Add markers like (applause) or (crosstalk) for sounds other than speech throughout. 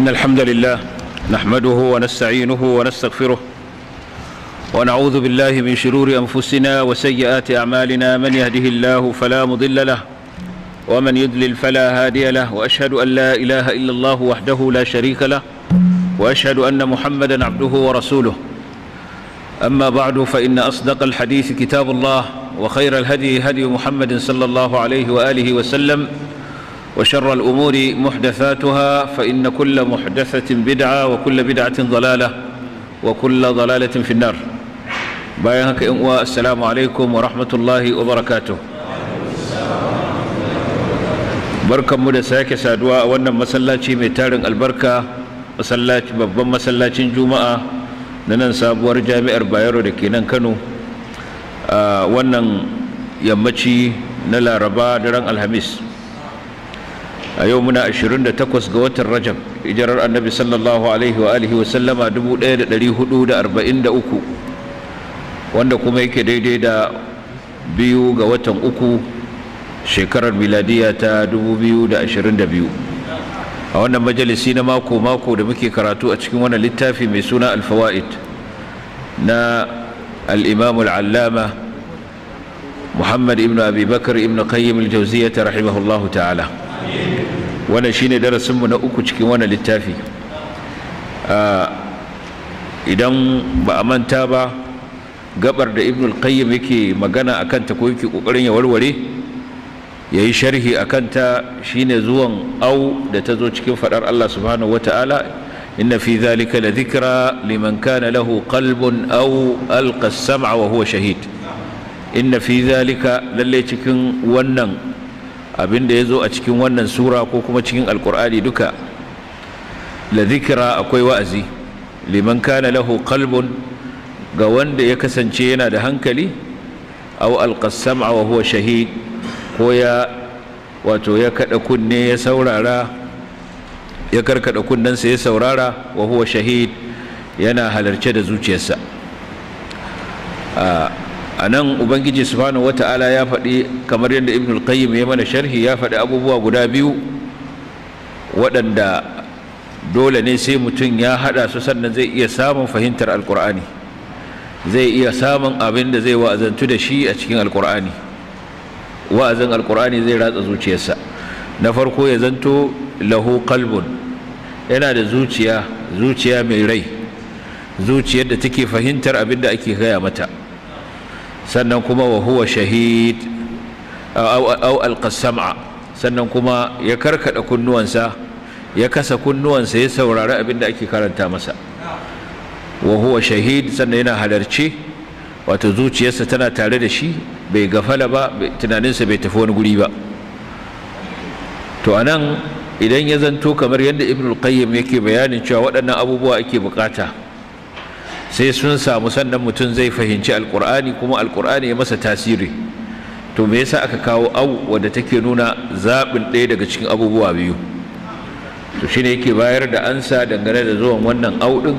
إن الحمد لله نحمده ونستعينه ونستغفره ونعوذ بالله من شرور أنفسنا وسيئات أعمالنا من يهده الله فلا مضل له ومن يدلل فلا هادي له وأشهد أن لا إله إلا الله وحده لا شريك له وأشهد أن محمدا عبده ورسوله أما بعد فإن أصدق الحديث كتاب الله وخير الهدي هدي محمد صلى الله عليه وآله وسلم وآله وسلم وشر الأمور محدثاتها فإن كل محدثة بدعة وكل بدعة ضلالة وكل ضلالة في النار بايهك السلام عليكم ورحمة الله وبركاته barkan mu da sake saduwa a wannan masallaci mai tarin albarka babban masallacin juma'a na nan sabuwar jami'ar bayero da ke nan kano a wannan yammaci na laraba daren alhamis a yau muna 28 ga watan rajab hijirar annabi sallallahu alaihi wa alihi wa sallama 1443 wanda kuma yake daidai da biyu ga watan uku shekarar miladiya ta 2022 a wannan majalisi na mako-mako da muke karatu a cikin wannan littafi mai suna alfawa'id na al'imamul allama muhammad ibn abubakar ibn qayyim al-jawziyya rahimahullahu ta'ala wannan shine darasinmu na uku cikin wannan littafi ah, idan ba a manta ba gabar da ibn qayyim yake magana a kanta ko yake kokarin ya warware ya yi sharhi a kanta shine zuwan au da ta zo cikin faɗar Allah subhanahu wata'ala inna fi zalika la dhikra liman kana lahu qalbun aw alqa as-sam'a wa huwa shahid inna fi zalika lalle cikin wannan abin da ya zo a cikin wannan sura ko kuma cikin alkur'ani duka la zikira akwai wa'azi liman kana lahu qalbun ga wanda ya kasance yana da hankali aw alqasama wa huwa shahid ko ya wato ya kada kunne ya saurara ya karkada kunnensa ya saurara wa huwa shahid yana halarce da zuciyarsa ah, a nan ubangiji subhanahu wata'ala ya faɗi kamar yadda ibn qayyim ya mana sharhi ya faɗi abubuwa guda biyu waɗanda dole ne sai mutum ya haɗa su sannan zai iya samun fahimtar alkur'ani zai iya samun abin da zai wa'azantu da shi a cikin alkur'ani wa'azin alkur'ani zai ratsa zuciyarsa na farko ya zanto lahu kalbun yana da zuciya zuciya mai rai zuciyar da take fahimtar abin da ake gaya mata sannan kuma wa huwa shahid au alqasama sannan kuma ya karkada kunnuwansa ya kasa kunnuwansa ya saurari abin da ake karanta masa wa huwa shahid sannan yana halarci wato zuciyarsa tana tare da shi bai gafala ba tunaninsa bai tafi wani guri ba to anan idan ya zanto kamar yadda ibn al-qayyim yake bayanin cewa waɗannan abubuwa ake bukata sai sun samu sannan mutum zai fahimci alkur'ani kuma alkur'ani ya masa tasiri to me yasa aka kawo au wadda take nuna zaɓin ɗaya daga cikin abubuwa biyu to shine yake bayar da ansa dangane da zuwan wannan au ɗin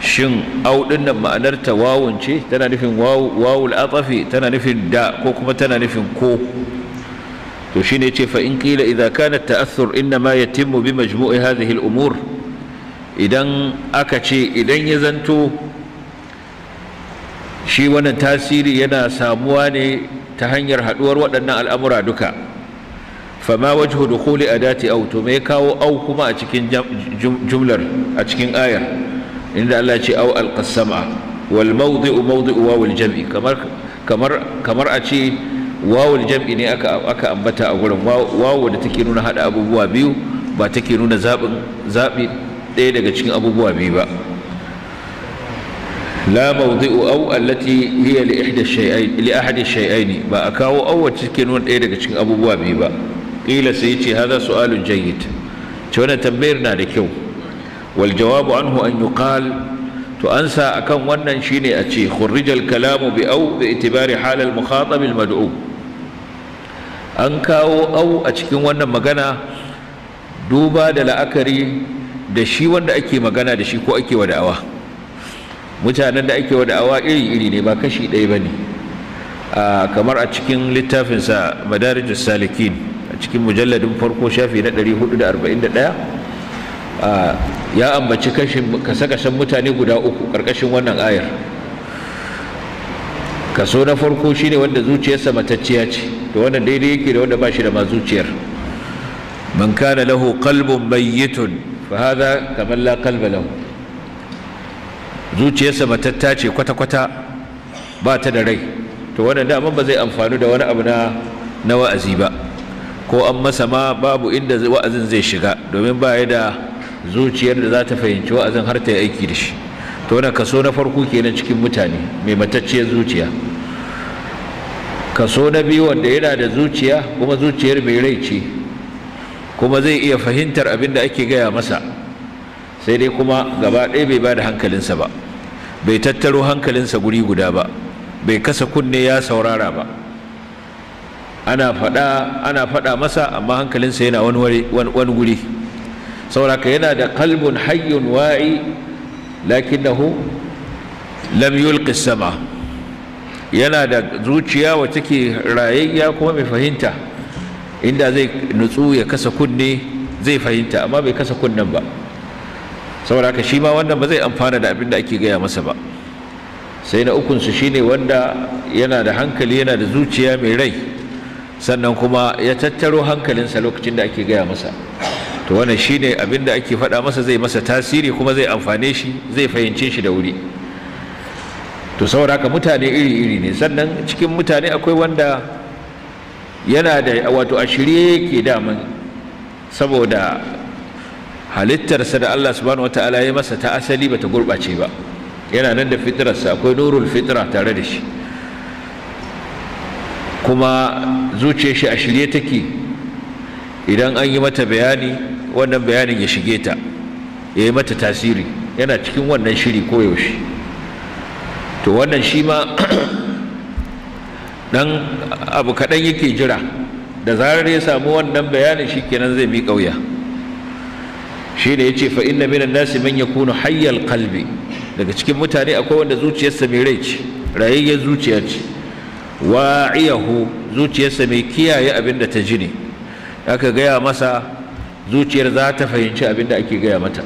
shin au ɗin nan ma'anarta wawun ce tana nufin wawul atafi tana nufin da ko kuma tana nufin ko to shine ce fa in qila idza kana ta'assur inna ma yatimmu bi majmu'i hadhihi al-umur idan aka ce idan ya zanto shi wannan tasiri yana samuwa ne ta hanyar haɗuwar waɗannan al'amura duka fama wajhu dukuli a au to me kawo au kuma a cikin jumlar a cikin ayar inda Allah ce au alqasama wal mawdi'u u wawul jam'i kamar kamar a ce wawul jam'i ne aka ambata a gurin wawu da take nuna haɗa abubuwa biyu ba take nuna zabin ɗaya daga cikin abubuwa biyu ba la mawdi'u aw allati hiya li ihda shay'ain li ahadi shay'ain ba a kawo aw wacce ke nuna ɗaya daga cikin abubuwa biyu ba qila sai yace hadha su'alun jayyid To wannan tambayar na da kyau wal jawabu anhu an yuqal to ansa akan wannan shine a ce khurrijal kalamu bi aw bi itibari hal al mukhatab al mad'u an kawo aw a cikin wannan magana duba da la'akari da shi wanda ake magana da shi ko ake wa da'awa mutanen da ake wa da'awa iri-iri ne ba kashi ɗaya ba ne kamar a cikin littafinsa madarijus salikin a cikin mujalladin farko shafi na 441 ya ambaci kasa-kasan mutane guda uku ƙarƙashin wannan ayar kaso na farko shine wanda zuciyarsa matacciya ce to wannan daidai yake da wanda ba shi da ma zuciyar man kana lahu qalbun bayyitun fa hadha kamar la qalba zuciyarsa matatta ce kwata kwata ba ta da rai to wannan dama ba zai amfani da wani abu na wa'azi ba ko an masa ma babu inda wa'azin zai shiga domin ba ya da zuciyar da za ta fahimci wa'azin har ta yi aiki da shi to wannan kaso na farko kenan cikin mutane mai matacciyar zuciya kaso na biyu wanda yana da zuciya kuma zuciyar mai rai ce kuma zai iya fahimtar abin da ake gaya masa sai dai kuma gaba ɗaya bai ba da hankalinsa ba bai tattaro hankalinsa guri guda ba bai kasa kunne ya saurara ba ana faɗa ana faɗa masa amma hankalinsa yana wani guri sauraka yana da kalbun hayyun wa'i lakinnahu lam yulqi sama yana da zuciya wacce ke rayayya kuma mai fahimta inda zai nutsu ya kasa kunne zai fahimta amma bai kasa kunnen ba saboda haka shi ma wannan ba zai amfana da abin da ake gaya masa ba sai na ukun ukunsu shine wanda yana da hankali yana da zuciya mai rai sannan kuma ya tattaro hankalinsa lokacin da ake gaya masa to wannan shine abin da ake faɗa masa zai masa tasiri kuma zai amfane shi zai fahimce shi da wuri to saboda haka mutane iri-iri ne sannan cikin mutane akwai wanda yana da wato a shirye yake daman saboda halittarsa da Allah subhanahu wataala ya masa ta asali bata gurɓace ba yana nan da fitrarsa akwai nurul fitra tare da shi kuma zuciyar shi a shirye take idan an yi mata bayani wannan bayanin ya shige ta ya yi mata tasiri yana cikin wannan shiri koyaushe to wannan shi ma dan abu kaɗan yake jira da zarar ya samu wannan bayanin shikenan zai bi ƙauya shi ne ya ce fa inna minan nasi man yakunu hayyal qalbi daga cikin mutane akwai wanda zuciyarsa mai rai ce rayayyar zuciya ce wa'iyahu zuciyarsa mai kiyaye abin da ta ji ne aka gaya masa zuciyar za ta fahimci abin da ake gaya mata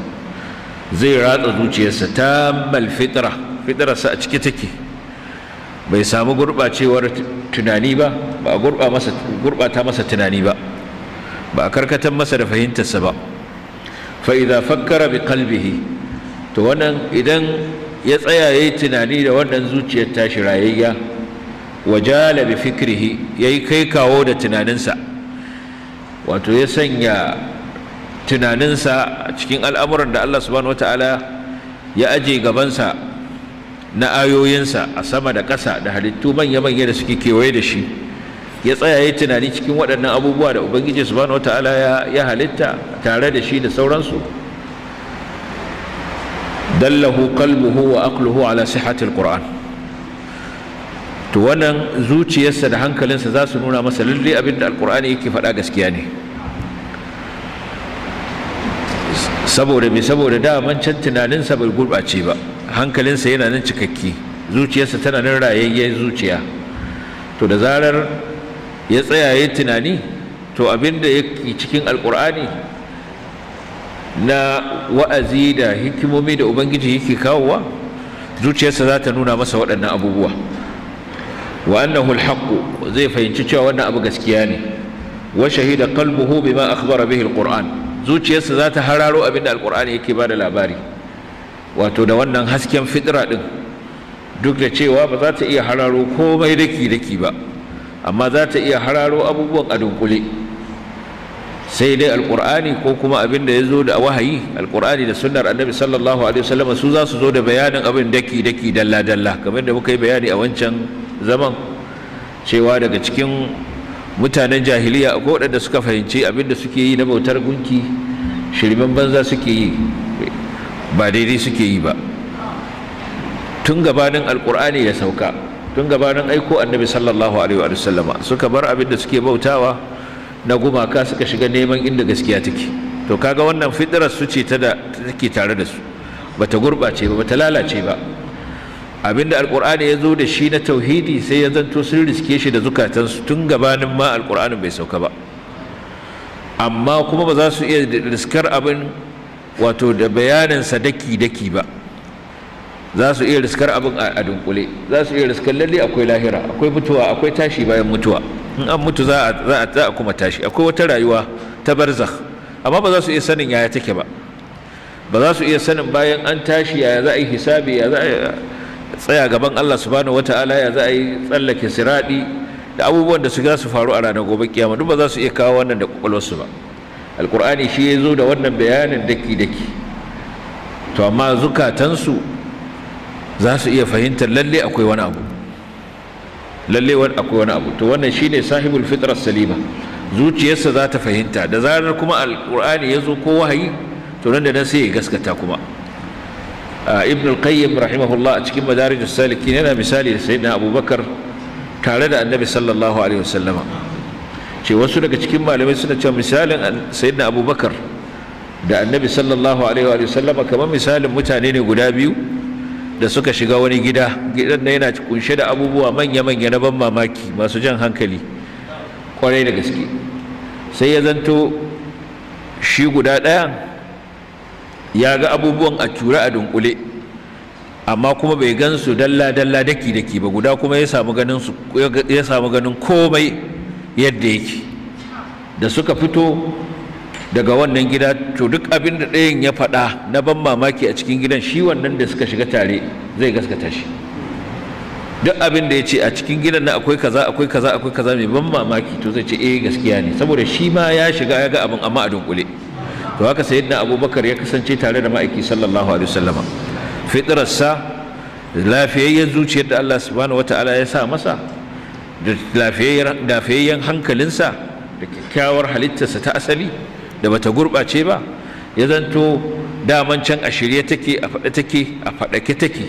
zai ratsa zuciyarsa ta fitra fitrarsa a cike take bai samu gurɓacewar tunani ba ba gurɓata masa tunani ba ba a karkatar masa da fahimtarsa ba fa'iza fakkara bi kalbihi to wannan idan ya tsaya ya yi tunani da wannan zuciyar tashi rayayya wajala bi fikrihi ya yi kai kawo da tunaninsa wato ya sanya tunaninsa cikin al'amuran da allah subhanahu wa ta'ala ya aje gabansa na ayoyinsa a sama da ƙasa da halittu manya-manya da suke kewaye da shi ya tsaya ya tunani cikin waɗannan abubuwa da ubangiji subhanahu ta'ala ya halitta tare da shi da sauransu dallahu qalbuhu wa aqluhu ala sihhatil qur'an to wannan zuciyarsa da hankalinsa za su nuna masa lalle abin da alqur'ani yake faɗa gaskiya ne saboda me saboda daman can tunaninsa bai gurɓace ba hankalinsa yana nan cikakke zuciyarsa tana nan rayayyen zuciya to da zarar ya tsaya ya tunani to abinda yake cikin alkur'ani na wa'azi da hikimomi da ubangiji yake kawowa zuciyarsa za ta nuna masa waɗannan abubuwa Wa'annan annahu zai fahimci cewa wannan abu gaskiya ne wa shahida qalbuhu bima akhbara bihi alquran zuciyarsa za ta hararo abinda alqur'ani yake bada labari wato da wannan hasken fitira ɗin duk da cewa ba za ta iya hararo komai daki-daki ba amma za ta iya hararo abubuwan a dunkule sai dai alkur'ani ko kuma abin da ya zo da wahayi alkur'ani da sunnar annabi sallallahu alaihi wasallam su za su zo da bayanin abin daki-daki dalla-dalla kamar da muka yi bayani a wancan zaman cewa daga cikin mutanen jahiliya akwai waɗanda suka fahimci abin da suke yi na bautar gunki shirman banza suke yi ba daidai suke yi ba tun gabanin alkur'ani ya sauka tun gabanin aiko annabi sallallahu alaihi wa sallama suka bar abin da suke bautawa na gumaka suka shiga neman inda gaskiya take to kaga wannan fitrar su ce ta da take tare da su bata gurbace ba bata lalace ba abin da alkur'ani ya zo da shi na tauhidi sai ya zanto sun riske shi da zukatansu tun gabanin ma alkur'anin bai sauka ba amma kuma ba za su iya riskar abin wato da bayaninsa daki-daki ba za su iya riskar abin a dunkule za su iya riskar lalle akwai lahira akwai mutuwa akwai tashi bayan mutuwa in an mutu za a kuma tashi akwai wata rayuwa ta barzakh amma ba za su iya sanin yaya take ba ba za su iya sanin bayan an tashi yaya za a yi hisabi ya za a tsaya gaban Allah subhanahu wata'ala ya za a yi tsallake siradi da abubuwan da su za su faru a ranar gobe kiyama duk ba za su iya kawo wannan da kwakwalwarsu ba alkur'ani shi ya zo da wannan bayanin daki-daki to amma zukatansu za su iya fahimtar lalle akwai wani abu lalle akwai wani abu to wannan shi ne sahibul fitrar salima zuciyarsa za ta fahimta da zarar kuma alkur'ani ya zo ko wahayi to nan da nan sai ya gaskata kuma ibn al-qayyim rahimahullah a cikin madarijus salikin yana misali da sayyidina abubakar tare da annabi sallallahu alaihi wasallama ce wasu daga cikin malamai suna cewa misalin sayyidina abubakar da annabi sallallahu alaihi wa sallama kamar misalin mutane ne guda biyu da suka shiga wani gida gidan na yana kunshe da abubuwa manya-manya na ban mamaki masu jan hankali kwarai da gaske sai ya zanto shi guda ɗaya ya ga abubuwan a tura a dunkule amma kuma bai gansu dalla-dalla daki-daki ba guda kuma ya samu ganin komai yadda yake da suka fito daga wannan gida to duk abin da ɗayan ya faɗa na ban mamaki a cikin gidan shi wannan da suka shiga tare zai gaskata shi duk abin da ya ce a cikin gidan na akwai kaza akwai kaza akwai kaza mai ban mamaki to zai ce eh gaskiya ne saboda shi ma ya shiga ya ga abin amma a dunkule to haka yadda abubakar ya kasance tare da ma'aiki sallallahu alaihi wasallam fitrarsa lafiyayyen zuciyar da Allah subhanahu wataala ya sa masa da lafiyayyen hankalinsa da kyakkyawar halittarsa ta asali da bata gurɓace ba ya zanto daman can a shirye take a faɗa take a faɗake take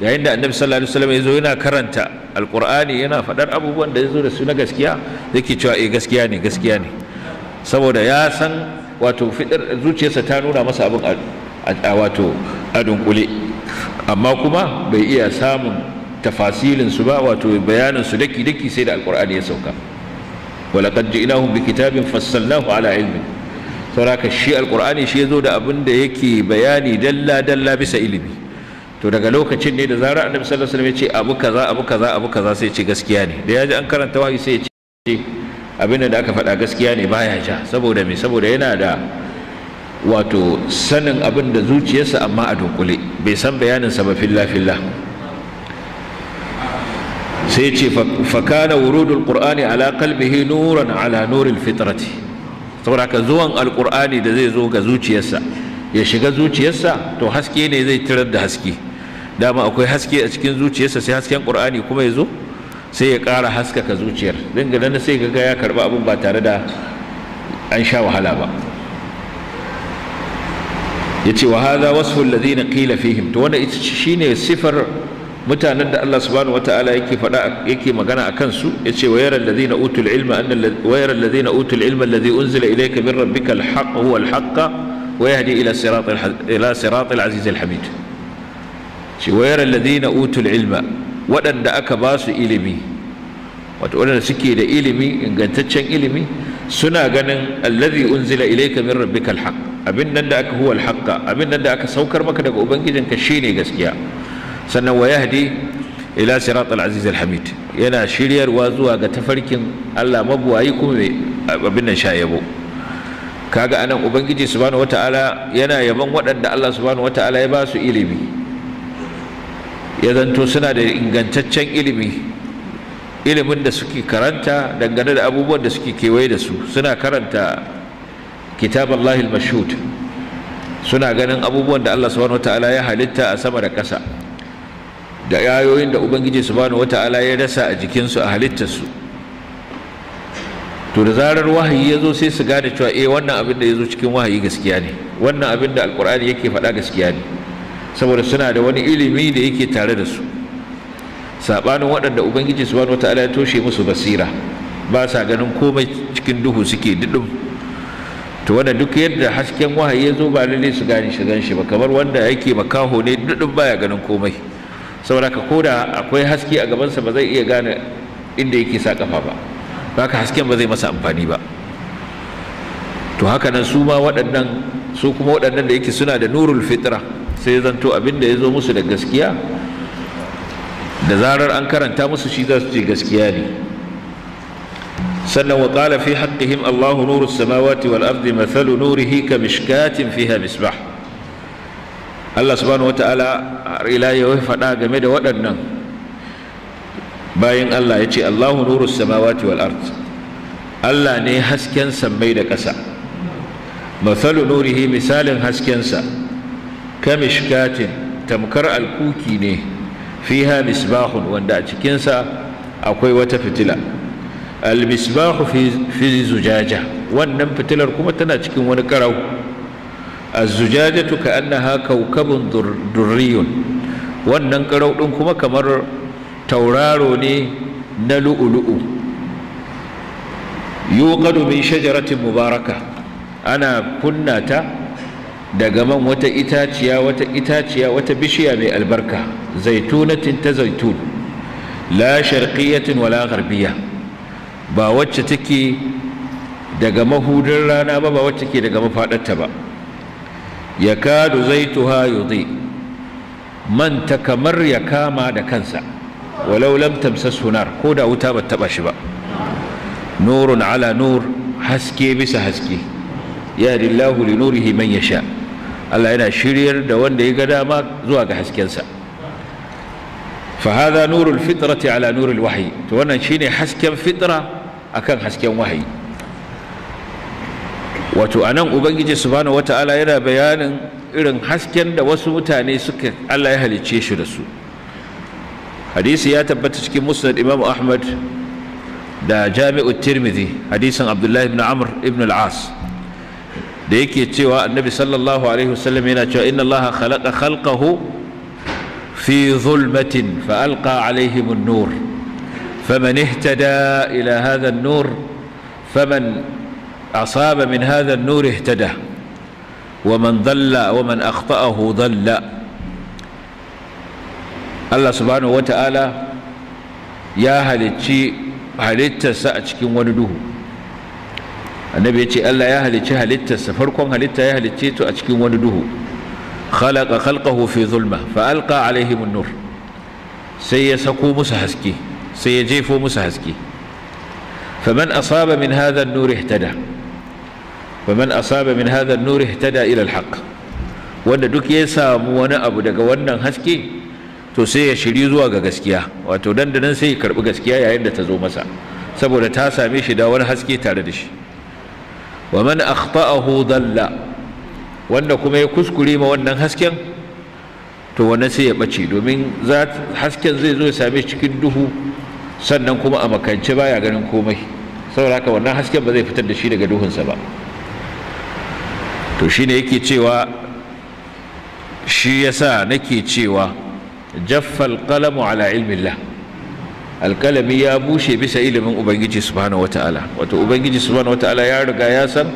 yayin da annabi sallallahu alaihi wasallam ya zo yana karanta alqur'ani yana faɗar abubuwan da ya zo da su na gaskiya yake cewa eh gaskiya ne gaskiya ne saboda ya san wato fitar zuciyarsa ta nuna masa abin a wato a dunkule amma kuma bai iya samun tafasilin su ba wato bayanin su daki daki sai da alqur'ani ya sauka walaqad ji'nahum bikitabin fassalnahu ala ilmin saboda shi alqur'ani shi yazo da abin da yake bayani dalla dalla bisa ilimi to daga lokacin ne da zarar annabi sallallahu alaihi wasallam ya ce abu kaza abu kaza abu kaza sai ya ce gaskiya ne da ya ji an karanta wahayi sai ya ce abin da aka faɗa gaskiya ne baya ja saboda me saboda yana da wato sanin abin da zuciyarsa amma a dunkule bai san bayanin sa ba filla filla sai ce fakana wurudul qur'ani ala qalbihi nuran ala nuril fitrati saboda ka zuwan alqur'ani da zai zo ga zuciyarsa ya shiga zuciyarsa to haske ne zai tirar da haske dama akwai haske a cikin zuciyarsa sai hasken qur'ani kuma ya zo sai ya ƙara haskaka zuciyar dangane sai ga ya karba abin ba tare da an sha wahala ba yace wa wasu wasfu zai qila fihim to wannan shine sifar mutanen da Allah subhanahu wataala yake faɗa yake magana a kansu yace wa yara alladhina utul ilma anna wa yara alladhina utul ilma alladhi unzila ilayka min rabbika alhaq huwa alhaq wa yahdi ila sirat ila sirat alaziz alhamid shi wa yara alladhina utul ilma waɗanda aka ba su ilimi wato waɗanda suke da ilimi ingantaccen ilimi suna ganin alladhi unzila ilayka min rabbika alhaq abin nan da aka huwa alhaq abin nan da aka saukar maka daga ubangijinka shine gaskiya sannan wa yahdi ila siratal aziz alhamid yana shiryarwa zuwa ga tafarkin Allah mabuwayi kuma abin sha yabo kaga anan ubangiji subhanahu wataala yana yaban waɗanda Allah subhanahu wataala ya ba su ilimi ya zanto suna da ingantaccen ilimi ilimin da suke karanta dangane da abubuwan da suke kewaye da su suna karanta kitab Allah mashhud suna ganin abubuwan da Allah subhanahu wataala ya halitta a sama da ƙasa da yayoyin da ubangiji subhanahu wata'ala ya rasa a jikinsu a halittarsu to da zarar wahayi ya zo sai su gane cewa eh wannan abin da ya zo cikin wahayi gaskiya ne wannan abin da alkur'ani yake faɗa gaskiya ne saboda suna da wani ilimi da yake tare da su saɓanin waɗanda ubangiji subhanahu wata'ala ya toshe musu basira ba sa ganin komai cikin duhu suke didim to wanda duk yadda hasken wahayi ya zo ba lalle su gane shi shi ba kamar wanda yake makaho ne didim baya ganin komai saboda ka koda akwai haske a gabansa ba zai iya gane inda yake sa kafa ba ka hasken ba zai masa amfani ba to haka nan su ma waɗannan su kuma waɗannan da yake suna da nurul fitra sai zanto abin da ya zo musu da gaskiya da zarar an karanta musu shi za su je gaskiya ne sannan wa qala fi haqqihim Allahu nurus samawati wal ardi mathalu nurihi ka mishkatin fiha misbah Allah subhanahu wata'ala har ila ya faɗa game da waɗannan bayan Allah ya ce Allahu nuru samawati wal ard Allah ne hasken sammai da ƙasa mathalu nurihi misalin haskensa kamishkatin tamkar alkuki ne fiha misbahun wanda a cikinsa akwai wata fitila almisbahu fi zujaja wannan fitilar kuma tana cikin wani karau az-zujajatu ka'annaha kawkabun durriyun wannan karau din kuma kamar tauraro ne na lu'ulu'u yuqadu min shajaratin mubaraka ana kunnata daga man wata itaciya wata itaciya wata bishiya mai albarka zaitunatin ta zaitun la sharqiyatin wala gharbiya ba wacce take daga mahudin rana ba ba wacce ke daga mafadarta ba yakadu zaituha yudhi manta kamar ya kama da kansa walau tamsas hunar ko da wuta ba taba shi ba nurun ala nur haske bisa haske ya lillahu li nurihi man yasha Allah yana shiryar da wanda ya ga dama zuwa ga haskensa fa hadha nurul fitrati ala nuril wahyi to wannan shine hasken fitra akan hasken wahayi wato anan ubangiji subhanahu ta'ala yana bayanin irin hasken da wasu mutane suka Allah ya halicce shi da su hadisi ya tabbata cikin musnad imam ahmad da jami'u tirmidhi hadisin abdullahi ibn amr ibn al-as da yake cewa annabi sallallahu alaihi wasallam yana cewa inna allaha khalaqa khalqahu fi zulmatin fa alqa alaihim an-nur faman ihtada ila hadha an-nur faman أصاب من هذا النور اهتدى ومن ضل ومن أخطأه ضل الله سبحانه وتعالى يا هل تشي هل تسا أتشكي وندوه النبي يتشي الله يا هل تشي هل تسا فرقون هل تشي هل تشي تأتشكي ونده خلق خلقه في ظلمة فألقى عليهم النور سيسقو مسهسكي سيجيفو مسهسكي فمن أصاب من هذا النور اهتدى wa man asaba min hadha an-nur ihtada ila al-haq wanda duk ya samu wani abu daga wannan haske to sai ya shiri zuwa ga gaskiya wato dandanan sai ya karbi gaskiya yayin da ta zo masa saboda ta same shi da wani haske tare da shi wa man akhta'ahu dalla wanda kuma ya kuskure ma wannan hasken to wannan sai ya bace domin hasken zai zo ya same shi cikin duhu sannan kuma a makance baya ganin komai saboda haka wannan hasken ba zai fitar da shi daga duhunsa ba to shine yake cewa shi yasa nake cewa jaffal qalamu ala ilmillah alkalami ya bushe bisa ilimin ubangiji subhanahu wata'ala wato ubangiji subhanahu wata'ala ya riga ya san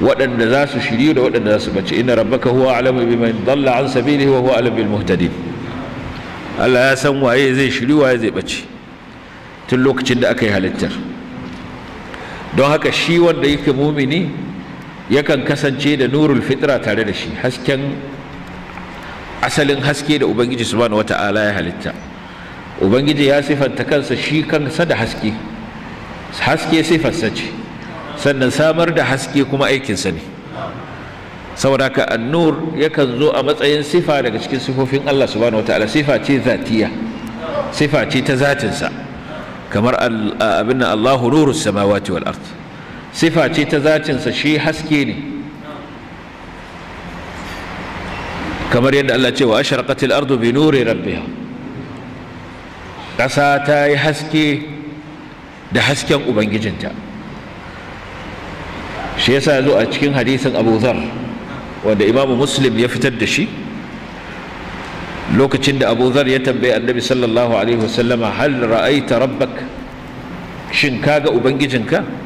waɗanda za su shiryu da waɗanda za su bace inna rabbaka huwa alamu biman dalla an sabilihi wa huwa alamu bil muhtadin Allah ya san waye zai shiryu waye zai bace tun lokacin da aka yi halittar don haka shi wanda yake mumini yakan kasance da nurul fitra tare da shi hasken asalin haske da ubangiji subhanahu wata'ala ya halitta ubangiji ya sifanta kansa shi kansa da haske haske sifarsa ce sannan samar da haske kuma aikinsa ne saboda haka annur yakan zo a matsayin sifa daga cikin sifofin Allah subhanahu wataala sifa ce zatiya sifa ce ta zatinsa kamar abin nan Allahu nurus samawati wal ard sifa ce ta zatinsa shi haske ne kamar yadda Allah ce wa ashraqatil ardu bi nuri rabbiha ƙasa ta yi haske da hasken ubangijinta shi yasa zo a cikin hadisin Abu Dharr wanda Imam Muslim ya fitar da shi lokacin da Abu Dharr ya tambaye Annabi sallallahu alaihi wasallama hal ra'aita rabbak shin kaga ubangijinka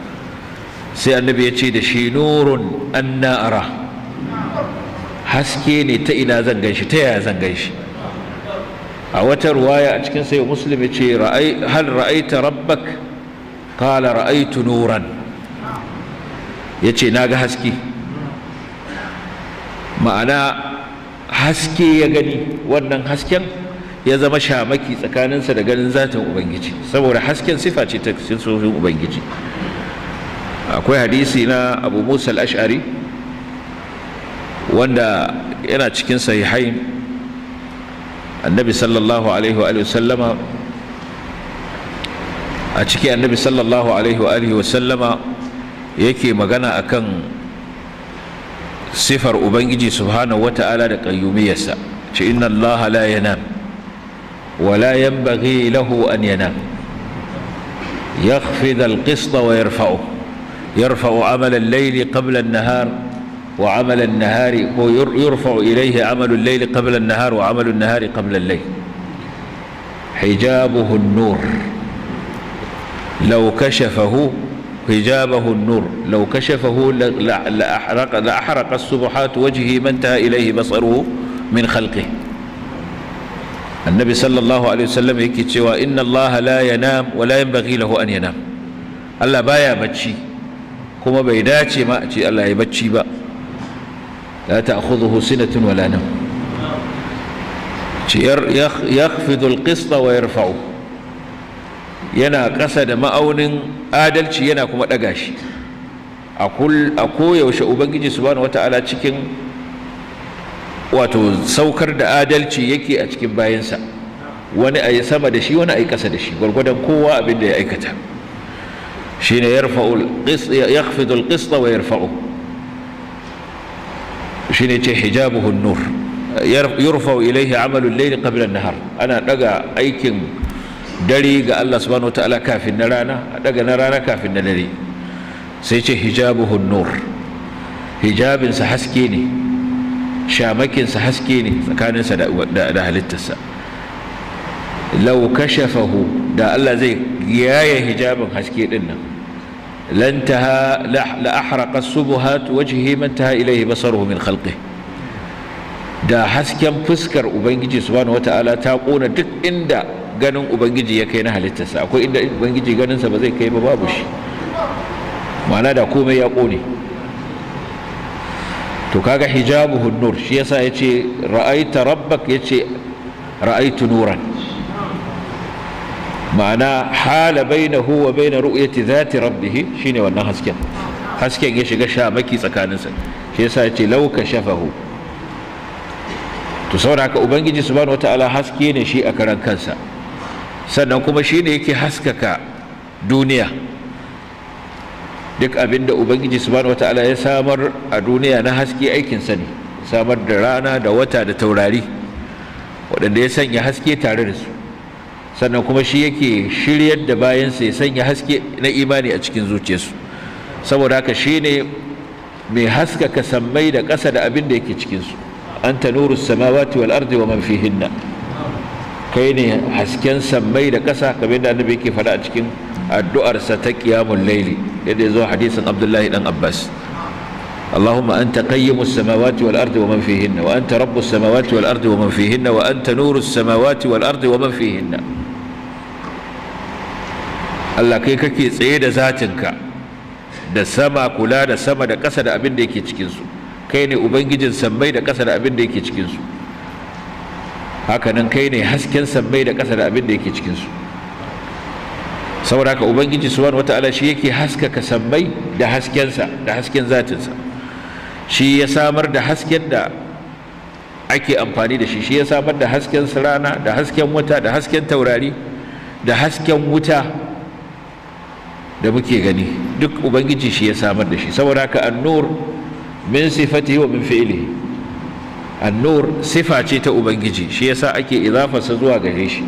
sai annabi ya ce da shi nurun anna ara haske ne ta ina zan ganshi ta yaya zan ganshi a wata ruwaya a cikin sai muslim ya ce hal ra'aita rabbak kala ra'aitu nuran na ga haske ma'ana haske ya gani wannan hasken ya zama shamaki tsakaninsa da ganin zatin ubangiji saboda hasken sifa ce ta sifofin ubangiji akwai hadisi na abu musa al-ash'ari wanda yana cikin sahihain annabi sallallahu alaihi wa sallama a ciki annabi sallallahu alaihi wa sallama yake magana akan sifar ubangiji subhanahu ta'ala da ƙayyumiyarsa. ce inna allaha la yanam wa la yanbaghi lahu an yanam yakhfid al wa yarfa'uhu يرفع عمل الليل قبل النهار وعمل النهار يرفع إليه عمل الليل قبل النهار وعمل النهار قبل الليل حجابه النور لو كشفه حجابه النور لو كشفه لأحرق, لأحرق السبحات وجهه ما انتهى إليه بصره من خلقه النبي صلى الله عليه وسلم يكتشف إن الله لا ينام ولا ينبغي له أن ينام الله بايا بتشي kuma bai dace ma a ce Allah ya bacci ba la ta'khudhuhu sinatun wala nawm ce yakhfidu al wa yarfa'u yana ƙasa da ma'aunin adalci yana kuma ɗaga shi a koyaushe ubangiji subhanahu wata'ala cikin wato saukar da adalci yake a cikin bayansa wani a yi sama da shi wani a yi ƙasa da shi gwargwadon kowa abin da ya aikata shine yarfa'ul qist yakhfidul qist wa yarfa'u shine ce hijabuhu an-nur yurfa'u ilayhi 'amalu al-layl nahar ana daga aikin dare ga Allah subhanahu wataala kafin na rana a daga na rana kafin na dare sai ce hijabuhu nur hijabinsa haske ne shamakinsa haske tsakaninsa da halittarsa law kashafahu da Allah zai yaye hijabin haske din nan lantaha la ahraqa subuhat wajhi man taha ilayhi basaruhu min khalqihi da hasken fuskar ubangiji subhanahu wataala ta kona duk inda ganin ubangiji ya kai na halittarsa akwai inda ubangiji ganinsa ba zai kai ba babu shi ma'ana da komai ya kone to kaga hijabu hunnur shi yasa yace ra'aita rabbak yace ra'aitu nuran ma'ana hala bainahu wa baina ru'yati zati rabbih shine wannan hasken hasken ya shiga sha shamaki tsakaninsa shi yasa ya ce law to saboda haka ubangiji subhanahu wataala haske ne shi a karan kansa sannan kuma shi ne yake haskaka duniya duk abin da ubangiji subhanahu wataala ya samar a duniya na haske aikinsa ne samar da rana da wata da taurari waɗanda ya sanya haske tare da su sannan kuma shi yake shiryar da bayansa ya sanya haske na imani a cikin zuciyarsu saboda haka shi ne mai haskaka sammai da ƙasa da abin da yake cikinsu an ta nuru samawati wal ardi wa man fihinna kai ne hasken sammai da ƙasa kamar yadda annabi yake faɗa a cikin addu'arsa ta qiyamul layli yadda ya zo hadisin abdullahi dan abbas اللهم أنت قيم السماوات والأرض ومن فيهن وأنت رب السماوات والأرض ومن فيهن وأنت نور السماوات والأرض ومن فيهن Allah kai kake tsaye da zatinka da sama kula da sama da ƙasa da abin da yake cikinsu kai ne ubangijin sammai da ƙasa da abin da yake cikinsu hakanan kai ne hasken sammai da ƙasa da abin da yake cikinsu saboda haka ubangiji wata ala shi yake haskaka sammai da haskensa da hasken zatinsa shi ya samar da hasken da ake amfani da shi shi ya samar da hasken rana da hasken wata da hasken taurari da hasken wuta da muke gani duk ubangiji shi ya samar da shi saboda haka annur min sifati wa min fili annur sifa ce ta ubangiji shi yasa ake sa zuwa gare shi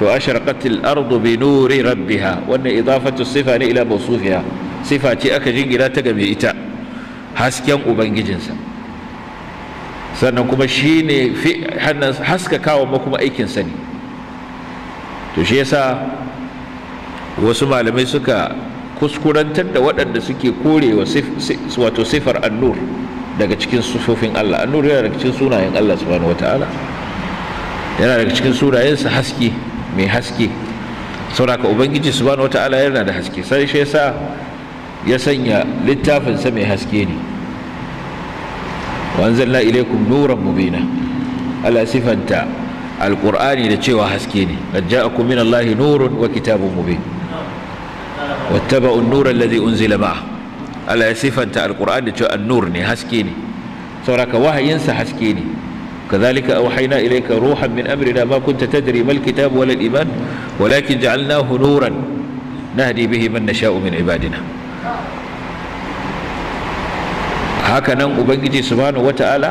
to asharqatil ardu bi nuri rabbiha wannan idafatu sifa ne ila mawsufiha sifa ce aka jingira ta game ita hasken ubangijinsa sannan kuma shi ne haskakawa ma kuma aikinsa ne to shi yasa wasu malamai suka kuskurantar da waɗanda suke korewa wato sifar annur daga cikin sufofin Allah annur yana daga cikin sunayen Allah subhanahu wataala yana daga cikin sunayensa haske mai haske sauraka ubangiji subhanahu wataala yana da haske sai shi yasa ya sanya littafin sa mai haske ne anzalna ilaykum nuran mubina ala sifanta alqur'ani da cewa haske ne qad ja'akum min allahi nurun wa kitabun mubin wattaba'u an-nur alladhi unzila ma'a Allah ya sifanta alqur'ani da cewa an-nur ne haske ne sauraka wahayinsa haske ne كذلك أوحينا إليك روحا من أمرنا ما كنت تدري ما الكتاب ولا الإيمان ولكن جعلناه نورا نهدي به من نشاء من عبادنا هكذا أبنجي سبحانه وتعالى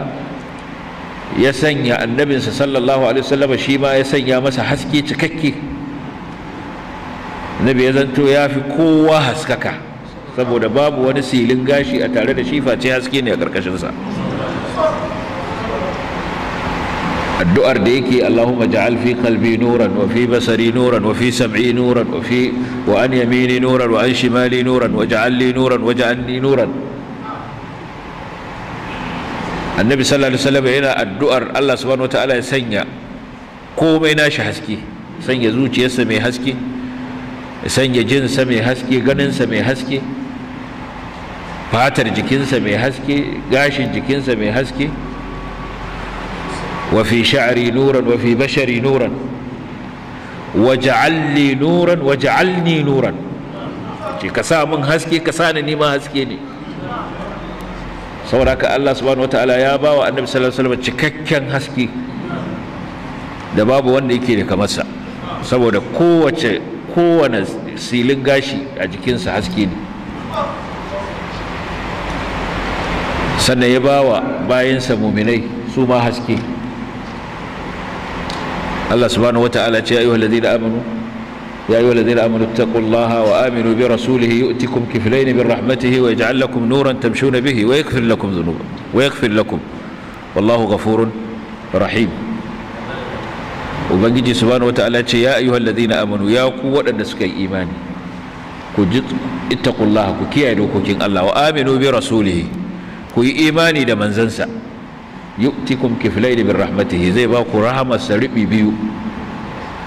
يسنى النبي صلى الله عليه وسلم شيما يسنى مسا حسكي تككي annabi ya zanto ya fi kowa haskaka saboda babu wani silin gashi a tare da shi haske ne a ƙarƙashinsa addu'ar da yake Allahumma ja'al fi qalbi nuran wa fi basari nuran wa fi sam'i nuran wa fi wa an yamini nuran wa an shimali nuran wa ja'al nuran wa ja'alni nuran annabi sallallahu alaihi wasallam yana addu'ar Allah subhanahu wataala ya sanya komai nashi haske sanya zuciyarsa mai haske sanya jinsa mai haske ganinsa mai haske fatar jikinsa mai haske gashin jikinsa mai haske wafi sha'ari nuran wafi bashari nuran waja'alli nuran waja'alni nuran ce ka sa min haske ka sa ni ma haske ne saboda haka Allah subhanahu wataala ya ba wa annabi sallallahu alaihi wasallam cikakken haske da babu wanda yake da kamarsa saboda kowace kowane silin gashi a jikin sa haske ne sannan ya bawa bayin sa mu'minai su ma haske Allah subhanahu wata'ala ce ayyuhal ladina amanu يا أيها الذين آمنوا اتقوا الله وآمنوا برسوله يؤتكم كفلين من رحمته ويجعل لكم نورا تمشون به ويغفر لكم ذنوبا ويغفر لكم والله غفور رحيم ubangiji subhanahu wata'ala ce ya ayyuhal ladina amanu ya ku waɗanda suka yi imani ku ji ittaqullaha ku kiyaye dokokin Allah wa aminu bi rasulihi ku yi imani da manzansa yu'tikum kiflayn min rahmatihi zai ba ku rahamar ribi biyu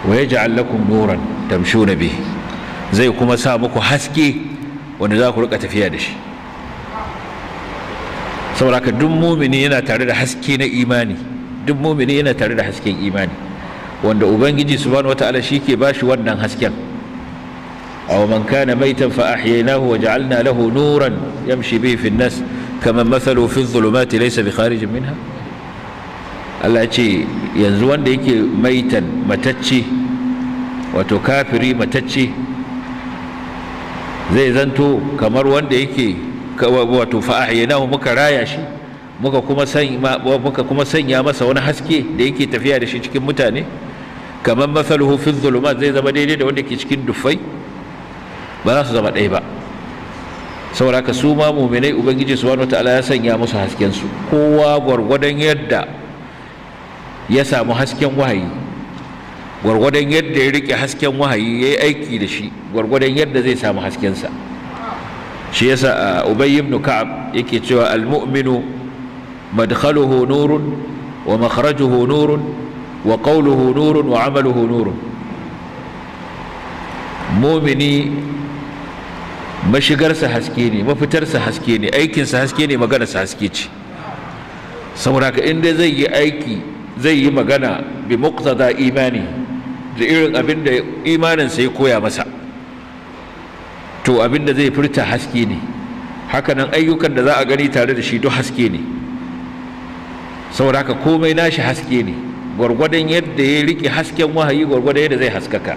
wa yaj'al lakum nuran tamshuna bihi zai kuma sa muku haske wanda za ku rika tafiya da shi saboda duk mumini yana tare da haske na imani duk mumini yana tare da hasken imani wanda ubangiji subhanahu wataala shi ke bashi wannan hasken aw man kana maitan fa ahyaynahu wa ja'alna lahu nuran yamshi bihi fi nas kama mathalu fi dhulumati laysa bi kharijin minha Allah ce yanzu wanda yake maitan matacce wato kafiri matacce zai zanto kamar wanda yake wato fa'ahyanahu muka raya shi muka kuma sanya masa wani haske da yake tafiya da shi cikin mutane kamar masaluhu fi zuluma zai zama daidai da wanda ke cikin dufai ba za su zama ɗaya ba saboda haka su ma muminai ubangiji subhanahu ta'ala ya sanya musu hasken su kowa gwargwadon yadda ya samu hasken wahayi gwargwadon yadda ya rike hasken wahayi ya yi aiki da shi gwargwadon yadda zai samu haskensa shi yasa ubay ibn ka'ab yake cewa al muminu, madkhaluhu nurun wa makhrajuhu nurun wa qawluhu nurun wa amaluhu nurun mumini mashigarsa haske ne sa haske ne aikinsa haske ne sa haske ce saboda ka inda zai yi aiki zai yi magana bi muqtada imani da irin abin da imaninsa ya koya masa to abin da zai furta haske ne hakanan ayyukan da za a gani tare da shi duk haske ne saboda ka komai nashi haske ne gwargwadon yadda ya riƙe hasken wahayi gwargwadon yadda zai haskaka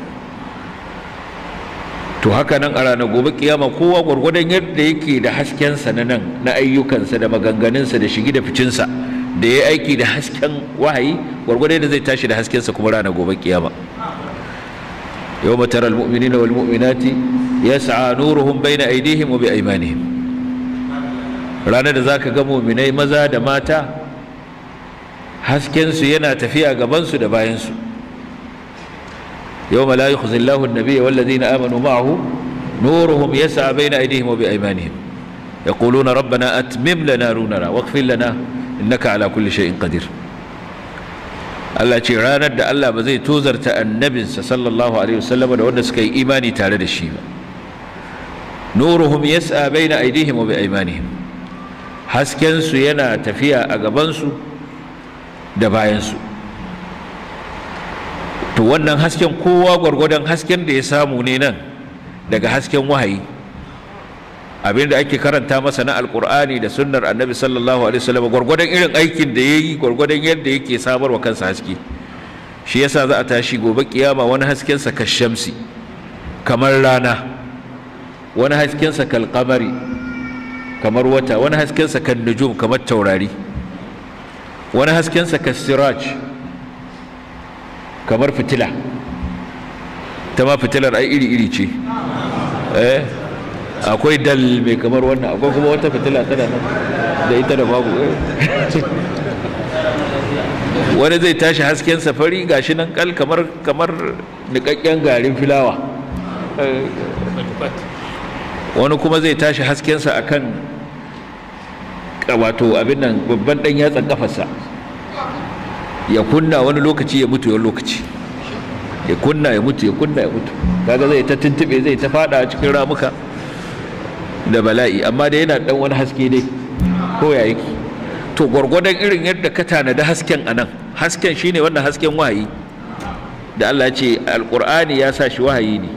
to haka nan a ranar gobe kiyama kowa gwargwadon yadda yake da haskensa na nan na ayyukansa da maganganunsa da shigi da ficinsa da ya aiki da hasken wahayi gwargwadon yadda zai tashi da haskensa kuma ranar gobe kiyama yau matar al-mu'mini na walmu'minati ya sa'a nuruhun bai na aidihim wa bi aimanihim ranar da za ka ga muminai maza da mata haskensu yana tafiya gabansu da bayansu yau la yukhzi Allahu an-nabiyya wal ladina amanu ma'ahu nuruhum yas'a bayna aydihim wa bi aymanihim yaquluna rabbana atmim lana nurana waghfir lana innaka ala kulli shay'in qadir Allah ce ranar da Allah ba zai tozarta annabinsa sallallahu alaihi wasallam da wanda suka yi imani tare da shi ba nuruhum yas'a bayna aydihim wa bi aymanihim haskensu yana tafiya a gabansu da bayansu to wannan hasken kowa gwargwadon hasken da ya samu ne nan daga hasken wahayi abin da ake karanta masa na alkur'ani da sunnar annabi sallallahu alaihi wasallam gwargwadon irin aikin da ya yi gwargwadon yadda yake samarwa kansa haske shi yasa za a tashi gobe kiyama wani haskensa kashamsi kamar rana wani haskensa kalqamari kamar wata wani haskensa kan nujum kamar taurari wani haskensa ka siraj kamar fitila ta ma fitilar ai iri-iri ce eh akwai dal mai kamar wannan akwai kuma wata fitila tana nan da ita da babu eh. (laughs) wani zai tashi hasken safari gashi nan kal kamar kamar nikakken garin filawa eh. wani kuma zai tashi haskensa akan wato abin nan babban dan yatsan kafarsa ya kunna wani lokaci ya mutu wani lokaci ya kunna ya mutu ya kunna ya mutu kaga zai ta tuntube zai ta fada cikin ramuka da bala'i amma da yana dan wani haske dai ko ya yake to gwargwadon irin yadda ka tanada hasken anan hasken shine wannan hasken wahayi da Allah ya ce alqur'ani ya sa shi wahayi ne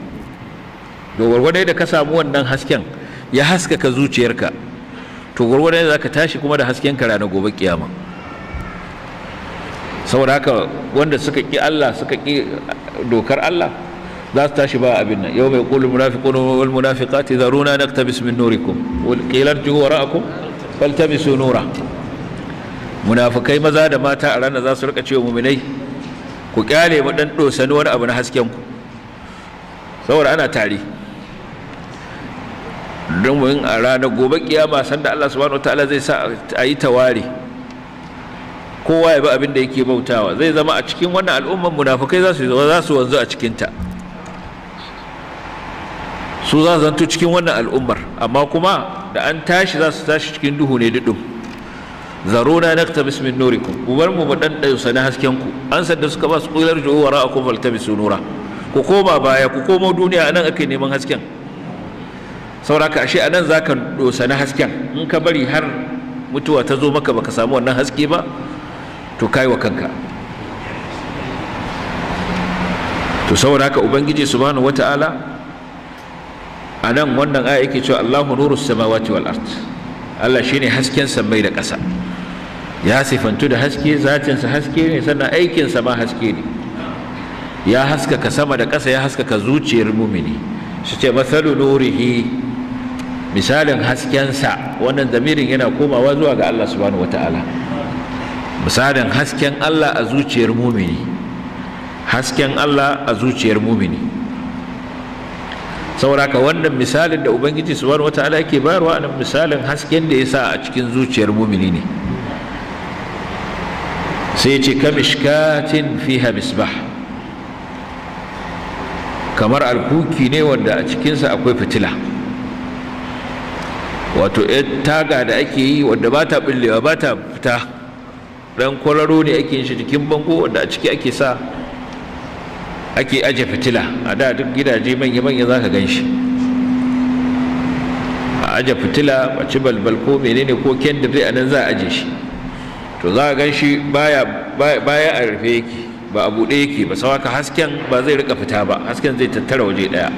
to gwargwadon da ka samu wannan hasken ya haskaka zuciyarka to gwargwadon za ka tashi kuma da hasken ka ranar gobe kiyama saboda haka wanda suka ƙi Allah suka ƙi dokar Allah za su tashi ba abin nan yau mai kullu munafiqun wal munafiqati zaruna naktabis min nurikum wal qila arji'u wara'akum faltabisu nura munafikai maza da mata a ranar za su rika cewa muminai ku kyale mu dan dosani wani abu na hasken ku saboda ana tari. domin a ranar gobe kiyama sanda Allah subhanahu wataala zai sa a yi tawari kowa ya bi abin da yake bautawa zai zama a cikin wannan al'umman munafukai za su za su wanzu a cikin ta su za zanto cikin wannan al'ummar amma kuma da an tashi za su tashi cikin duhu ne dudu zaruna naktabis min nurikum ku bar mu da dan na hasken ku an sanda suka ba su qilar juhu wara'akum faltabisu nura ku koma baya ku koma duniya nan ake neman hasken sauraka ashe anan zaka dosa na hasken in ka bari har mutuwa ta zo maka baka samu wannan haske ba to kai wa kanka to saboda haka ubangiji subhanahu wata'ala a nan wannan aya yake cewa Allahu nuru samawati wal ard Allah shine hasken sammai da ƙasa ya sifantu da haske zatinsa haske ne sannan aikinsa ma haske ne ya haskaka sama da ƙasa ya haskaka zuciyar mumini shi ce mathalu nurihi misalin haskensa wannan zamirin yana komawa zuwa ga Allah subhanahu wata'ala misalin hasken Allah a zuciyar mumini hasken Allah a zuciyar mumini sauraka wannan misalin da ubangiji subhanahu wata'ala yake bayarwa nan misalin hasken da ya sa a cikin zuciyar mumini ne sai ya ce kamishkatin fiha misbah kamar alkuki ne wanda a cikinsa akwai fitila wato yan taga da ake yi wadda ba ta ɓullewa ba ta fita ɗan kwararo ne ake yin shi jikin bango wanda a ciki ake sa ake aje fitila a da duk gidaje manya-manya za ka gan shi a aje fitila a ci balbal ko menene ko kendir dai a nan za a aje shi to za ka gan shi baya a rufe yake ba a buɗe yake ba sau haka hasken ba zai rika fita ba hasken zai tattara waje ɗaya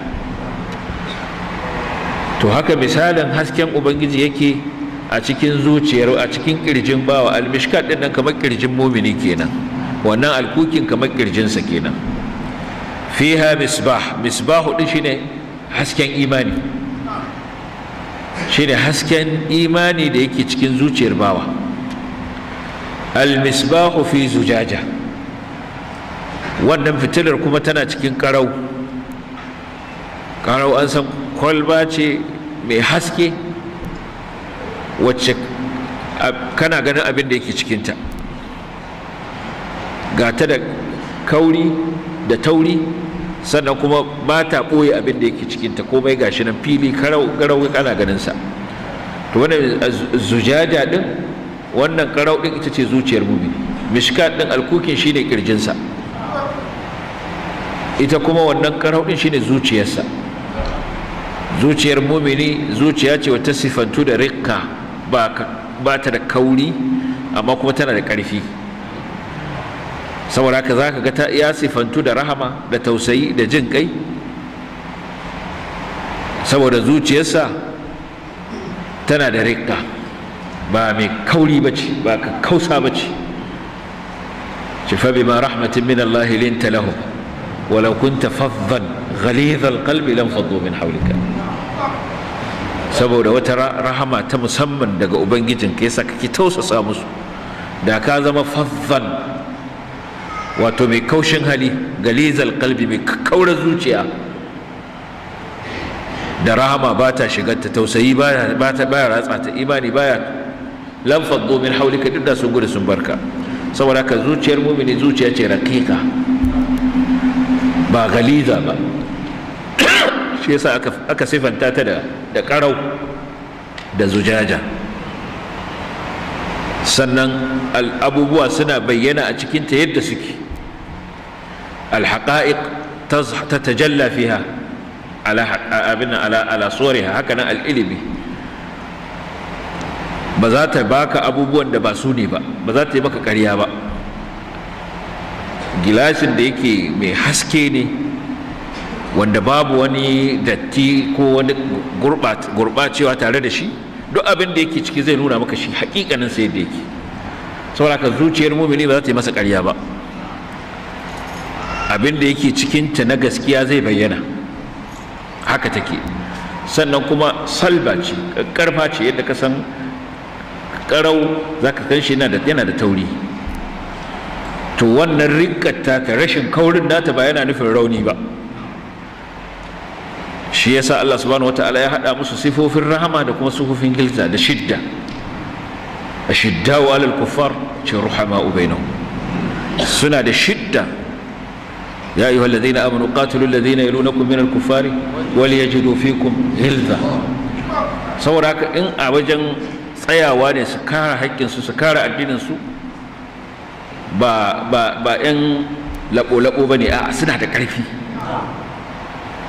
to haka misalin hasken ubangiji yake a cikin zuciyar a cikin kirjin bawa almishkat din nan kamar kirjin mumini kenan wannan alkukin kamar kirjinsa kenan fiha misbah misbahu din shine hasken imani shine hasken imani da yake cikin zuciyar bawa almisbahu fi zujaja wannan fitilar kuma tana cikin karau karau an san kwalba ce mai haske wacce kana ganin abin da yake cikinta ga ta da kauri da tauri sannan kuma ba ta ɓoye abin da yake cikinta komai ga shi nan fili karau kana ganinsa to wanda zujaja din, wannan karau din ita ce zuciyar gubi. mishka ɗin alkukin shine ƙirjinsa ita kuma wannan karau din shine zuciyarsa zuciyar mumini zuciya ce wata sifantu da rikka ba ta da kauri amma kuma tana da ƙarfi saboda haka za ka ga ya sifantu da rahama da tausayi da jin kai saboda zuciyarsa tana da rikka ba mai kauri ba ce ba ka kausa ba ce bi ma rahmatin min Allah linta lahum ولو كنت فظا غليظ القلب لانفضوا من حولك saboda wata rahama ta musamman daga ubangijin ka yasa kake tausasa musu da ka zama fazzan wato mai kaushin hali galizal kalbi mai kaura zuciya da rahama ba ta shigar ta tausayi ba ta baya ratsa ta imani baya lamfan domin haulika duk da sun gudu sun barka saboda ka zuciyar mumini zuciya ce raqiqa ba galiza ba shi yasa aka aka sifanta ta da ƙarau da zujaja sannan abubuwa suna bayyana a cikinta yadda suke alhaƙa'iƙ ta tajalla fiha abin ala soriha haka al'ilimi ba za ta baka abubuwan da ba su ne ba ba za ta yi maka ƙarya ba gilashin da yake mai haske ne wanda babu wani datti ko wani gurɓacewa tare da shi duk abin da yake ciki zai nuna maka shi haƙiƙanin sai da yake saboda ka zuciyar mumini ba za ta yi masa ƙarya ba abin da yake cikinta na gaskiya zai bayyana haka take sannan kuma salba ce ƙarfa ce yadda ka san ƙarau za ka kan shi yana da tauri to wannan rikata ka rashin kaurin nata ba yana nufin rauni ba shi yasa Allah subhanahu wata'ala ya haɗa musu sifofin rahama da kuma sifofin gilza da shidda A ashiddau alal kuffar ce Ruhama bainahum suna da shidda Ya yi wa يا أيها الذين آمنوا قاتلوا الذين يلونكم من الكفار وليجدوا فيكم غلظة saboda haka in a wajen tsayawa ne su kare haƙƙinsu su su kare su. ba ba ba ƴan laɓo-laɓo ba ne a suna da ƙarfi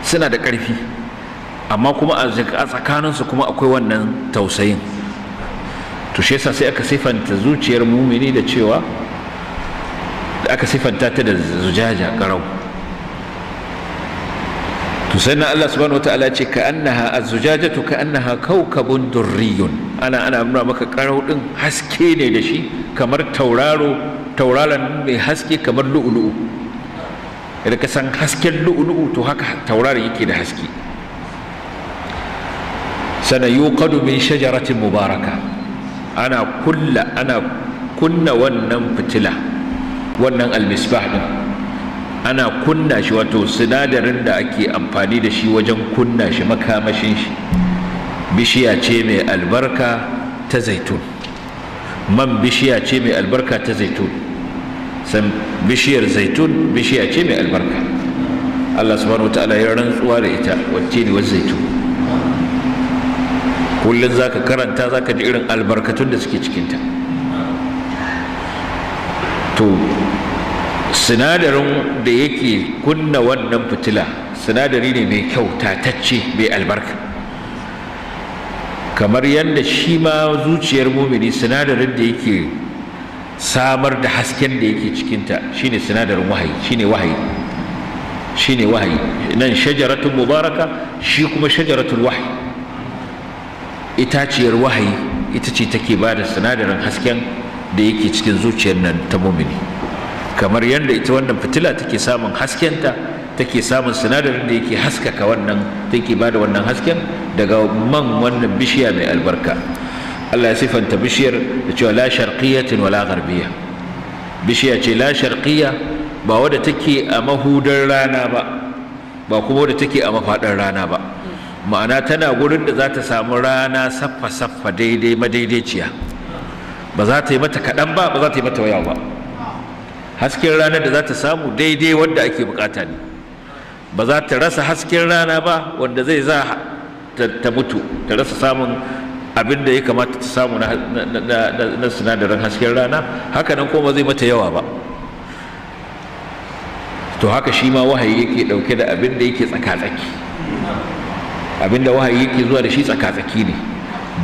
suna da ƙarfi amma kuma a tsakaninsu kuma akwai wannan tausayin to shi yasa sai aka sifanta zuciyar mumini da cewa aka sifanta ta da zujaja karau to sai na Allah subhanahu wataala ce ka annaha az ka annaha kawkabun durriyun ana ana nuna maka karau din haske ne da shi kamar tauraro tauraron mai haske kamar lu'ulu'u idan ka san hasken lu'ulu'u to haka tauraron yake da haske sanayuqadu min shajaratin mubaraka ana kulla ana kunna wannan fitila wannan almisbah din ana kunna shi wato sinadarin da ake amfani da shi wajen kunna shi makamashin shi bishiya ce mai albarka ta zaitun man bishiya ce mai albarka ta zaitun san bishiyar zaitun bishiya ce mai albarka Allah subhanahu wa ta'ala ya rantsuwa da ita wacce ne wasu zaitun kullum za ka karanta za ka ji irin albarkatun da suke cikinta to sinadarin da yake kunna wannan fitila sinadari ne mai kyau tatacce mai albarka kamar yadda shi ma zuciyar mumini sinadarin da yake samar da hasken da yake cikinta shine sinadarin wahayi shine wahayi shine wahayi nan shajaratun mubaraka shi kuma shajaratul wahayi itaciyar wahayi ita ce take ba da sinadarin hasken da yake cikin zuciyar nan ta mumini kamar yadda ita wannan fitila take samun haskenta take samun sinadarin da yake haskaka wannan take ba da wannan hasken daga man wannan bishiya mai albarka Allah ya sifanta bishiyar da cewa la sharqiyatin wala gharbiya bishiya ce la sharqiya ba wadda take a mahudar rana ba ba kuma wadda take a mafaɗar rana ba ma'ana tana gurin da za ta samu rana saffa-saffa daidai madaidaiciya ba za ta yi mata kaɗan ba ba za ta yi mata wayawa ba hasken ranar da za ta samu daidai wanda ake bukata ne ba za ta rasa hasken rana ba wanda zai za ta mutu ta rasa samun abin da ya kamata ta samu na sinadarin hasken rana haka nan kuma zai mata yawa ba to haka shi ma wahayi yake dauke da abin da yake tsaka-tsaki abinda wahayi yake zuwa da shi tsaka ne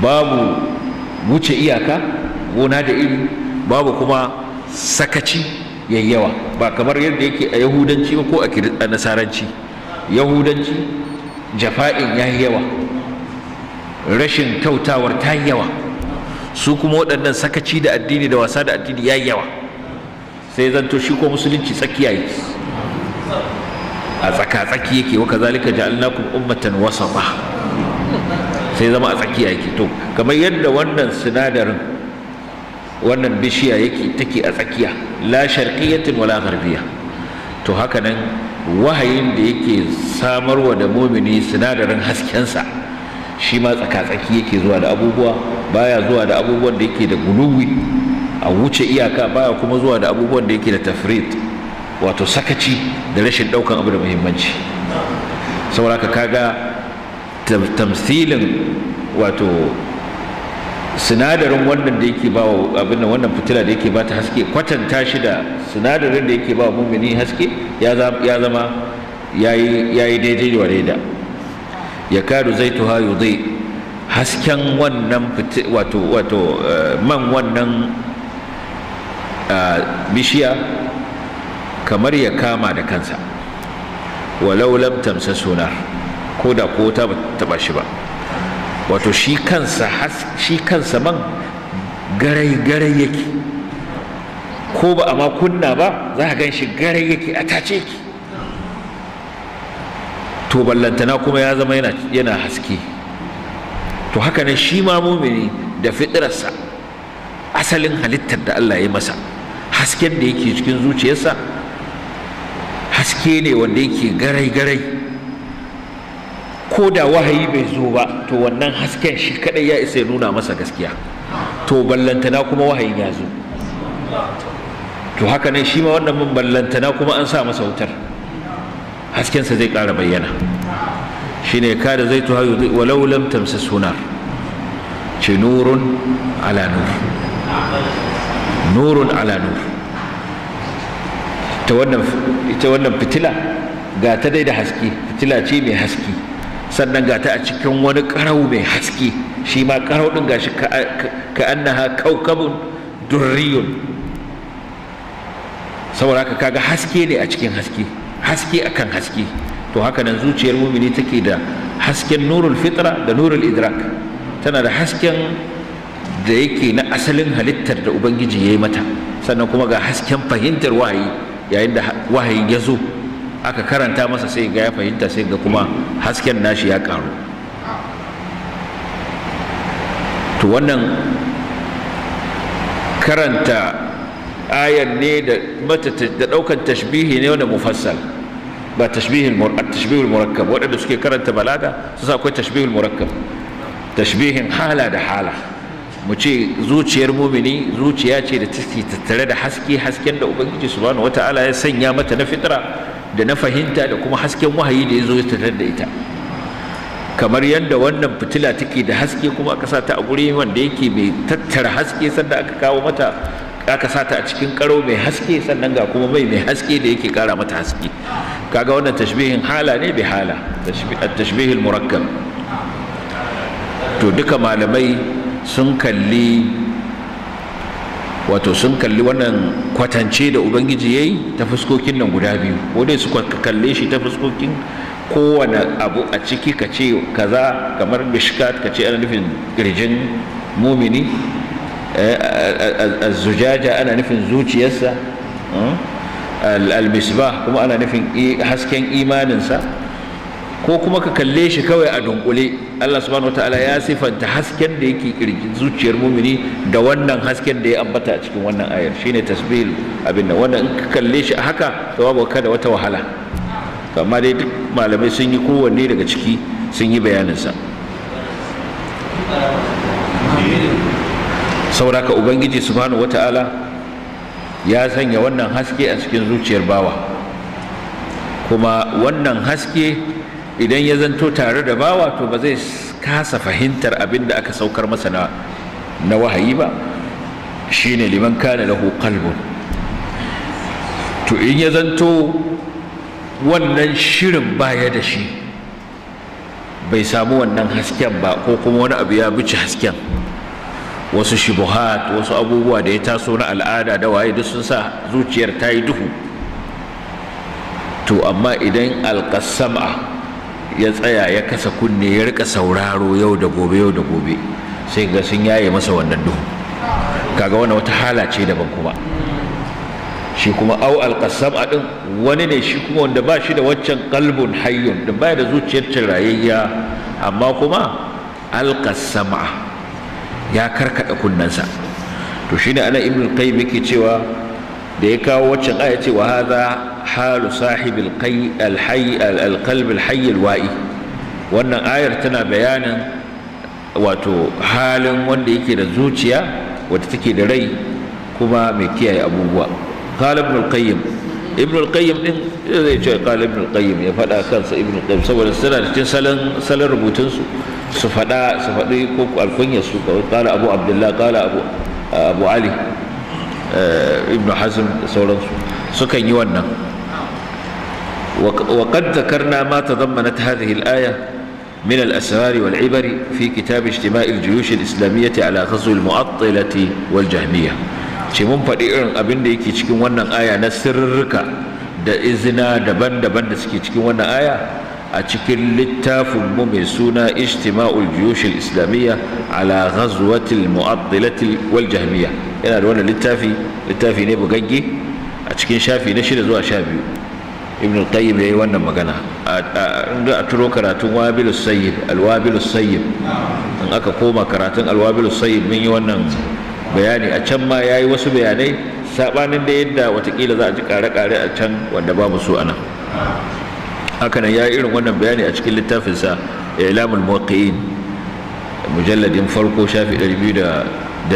babu wuce iyaka gona da iri babu kuma sakaci yayyawa ba kamar yadda yake a yahudanci ko a nasaranci yahudanci jafa'in ya yawa rashin kyautawar ta yawa su kuma waɗannan sakaci da addini da wasa da addini ya yawa sai zanto shi ko musulunci tsakiya yi a tsaka-tsaki yake wa kazalika ja'alnakum ummatan wasata sai zama a tsaki yake to kamar yadda wannan sinadarin wannan bishiya yake take a tsakiya la sharqiyatin wala gharbiya to haka nan wahayin da yake samarwa da mumini sinadarin haskensa shi ma tsaka-tsaki yake zuwa da abubuwa baya zuwa da abubuwan da yake da guluwi a wuce iyaka baya kuma zuwa da abubuwan da yake da tafrit wato sakaci da rashin ɗaukan abu da muhimmanci saboda ka kaga tamsilin wato sinadarin wannan da yake ba abin nan wannan fitila da yake ba ta haske kwatanta shi da sinadarin da yake ba mumini haske ya zama ya yi daidai da wadaida ya kadu zaituha zai hasken wannan wato wato eh, man wannan eh, bishiya kamar ya kama da kansa walau lam tamsa sunar ko da ko ta taba shi ba wato shi kansa shi kansa man garai garai yake ko ba a ma kunna ba za ka gan shi garai yake a tace ki to ballantana kuma ya zama yana yana haske to haka ne shi ma mumini da fitrarsa asalin halittar da Allah ya masa hasken da yake cikin zuciyarsa haske ne wanda yake garai-garai ko da wahayi bai zo ba to wannan hasken shi kadai ya isa ya nuna masa gaskiya to ballantana kuma wahayin ya zo to haka ne shi ma wannan mun ballantana kuma an sa masa wutar haskensa zai ƙara bayyana shi ne da zai tuha walau lam tamsa suna ce nurun ala nur nurun ala nur ita wannan ita wannan fitila ga ta dai da haske fitila ce mai haske sannan ga ta a cikin wani karau mai haske shi ma karau din gashi ka annaha kaukabun durriyun saboda haka kaga haske ne a cikin haske haske akan haske to haka nan zuciyar mumini take da hasken nurul fitra da nurul idrak tana da hasken da yake na asalin halittar da ubangiji ya yi mata sannan kuma ga hasken fahimtar wahayi yayin da wahayi ya zo aka karanta masa sai ga ya fahimta sai ga kuma hasken nashi ya karu to wannan karanta ayar ne da daukan tashbihi ne wanda mufassal ba tashbihin tashbihul murakkab waɗanda suke karanta balaga su sa akwai tashbihul murakkab tashbihin hala da hala mu ce zuciyar mumini zuciya ce da take tattare da haske hasken da ubangiji subhanahu wata'ala ya sanya mata na fitra da na fahimta da kuma hasken wahayi da ya zo tattare da ita kamar yadda wannan fitila take da haske kuma aka sa a guri wanda yake mai tattara haske sanda aka kawo mata aka sa a cikin karo mai haske sannan ga kuma mai mai haske da yake kara mata haske kaga wannan tashbihin hala ne bi hala tashbihil murakkab to duka malamai sun kalli wato sun kalli wannan kwatance da ubangiji ya yi ta fuskokin nan guda biyu ko dai su kalle shi ta fuskokin kowane abu a ciki ka ce kaza kamar mishkat ka ce ana nufin girjin mumini eh, zujaja ana nufin zuciyarsa hmm, al-misbah kuma ana nufin hasken imaninsa ko kuma ka kalle shi kawai a dunkule Allah subhanahu wataala ya sifanta hasken da yake kirjin zuciyar mumini da wannan hasken da ya ambata a cikin wannan ayar shine tasbih abin wanda in ka kalle shi haka to babu ka da wata wahala amma dai duk malamai sun yi kowanne daga ciki sun yi bayanin sa. saboda ka ubangiji subhanahu wataala ya sanya wannan haske a cikin zuciyar bawa kuma wannan haske idan ya zanto tare da bawa to ba zai kasa fahimtar abin da aka saukar masa na na wahayi ba shine liman kana lahu qalbun to in ya zanto wannan shirin baya da shi bai samu wannan hasken ba ko kuma wani abu ya bici hasken wasu shubuhat wasu abubuwa da ya taso na al'ada da waye duk sun sa zuciyar ta yi duhu to amma idan alƙasama ya tsaya ya kasa kunne ya rika sauraro yau da gobe yau da gobe sai ga sun yaye masa wannan duhu kaga wannan wata hala ce daban kuma shi kuma au alqasam adin wani ne shi kuma wanda ba shi da waccan qalbun hayyun da baya da zuciyar tarayayya amma kuma alqasama ya karkada kunnansa to shine ana ibnu qayyim yake cewa da ya kawo waccan aya ce wa hadha halu sahibi alqalbi alhayy alwa'i wannan ayar tana bayanin wato halin wanda yake da zuciya wata take da rai kuma mai kiyaye abubuwa qala ibn alqayyim ibn alqayyim din eh, zai ce qala ibn alqayyim ya faɗa kansa ibn qayyim saboda suna cikin salon salon rubutun su su faɗa su faɗi ko alkunya su qala abu abdullah qala abu abu ali eh, ibn hazm sauransu sukan yi wannan وقد ذكرنا ما تضمنت هذه الآية من الأسرار والعبر في كتاب اجتماع الجيوش الإسلامية على غزو المعطلة والجهمية ce mun faɗi irin abin da yake cikin wannan aya na sirrika da izina daban-daban da suke cikin wannan aya a cikin littafinmu mai suna ijtima'ul jiyushil islamiyya ala ghazwatil mu'addilatil wal jahmiyya yana da wannan littafi littafi ne bugagge a cikin shafi na shida zuwa sha biyu ibn qayyim yi wannan magana a turo karatun wabilus sayyid alwabilus sayyid in aka koma karatun alwabilus sayyid mun yi wannan bayani a can ma yayi wasu bayanai sabanin da yadda watakila za a ji kare-kare a can wanda ba mu so ana haka nan yayi irin wannan bayani a cikin littafin sa ilamul muwaqqi'in mujalladin farko shafi 205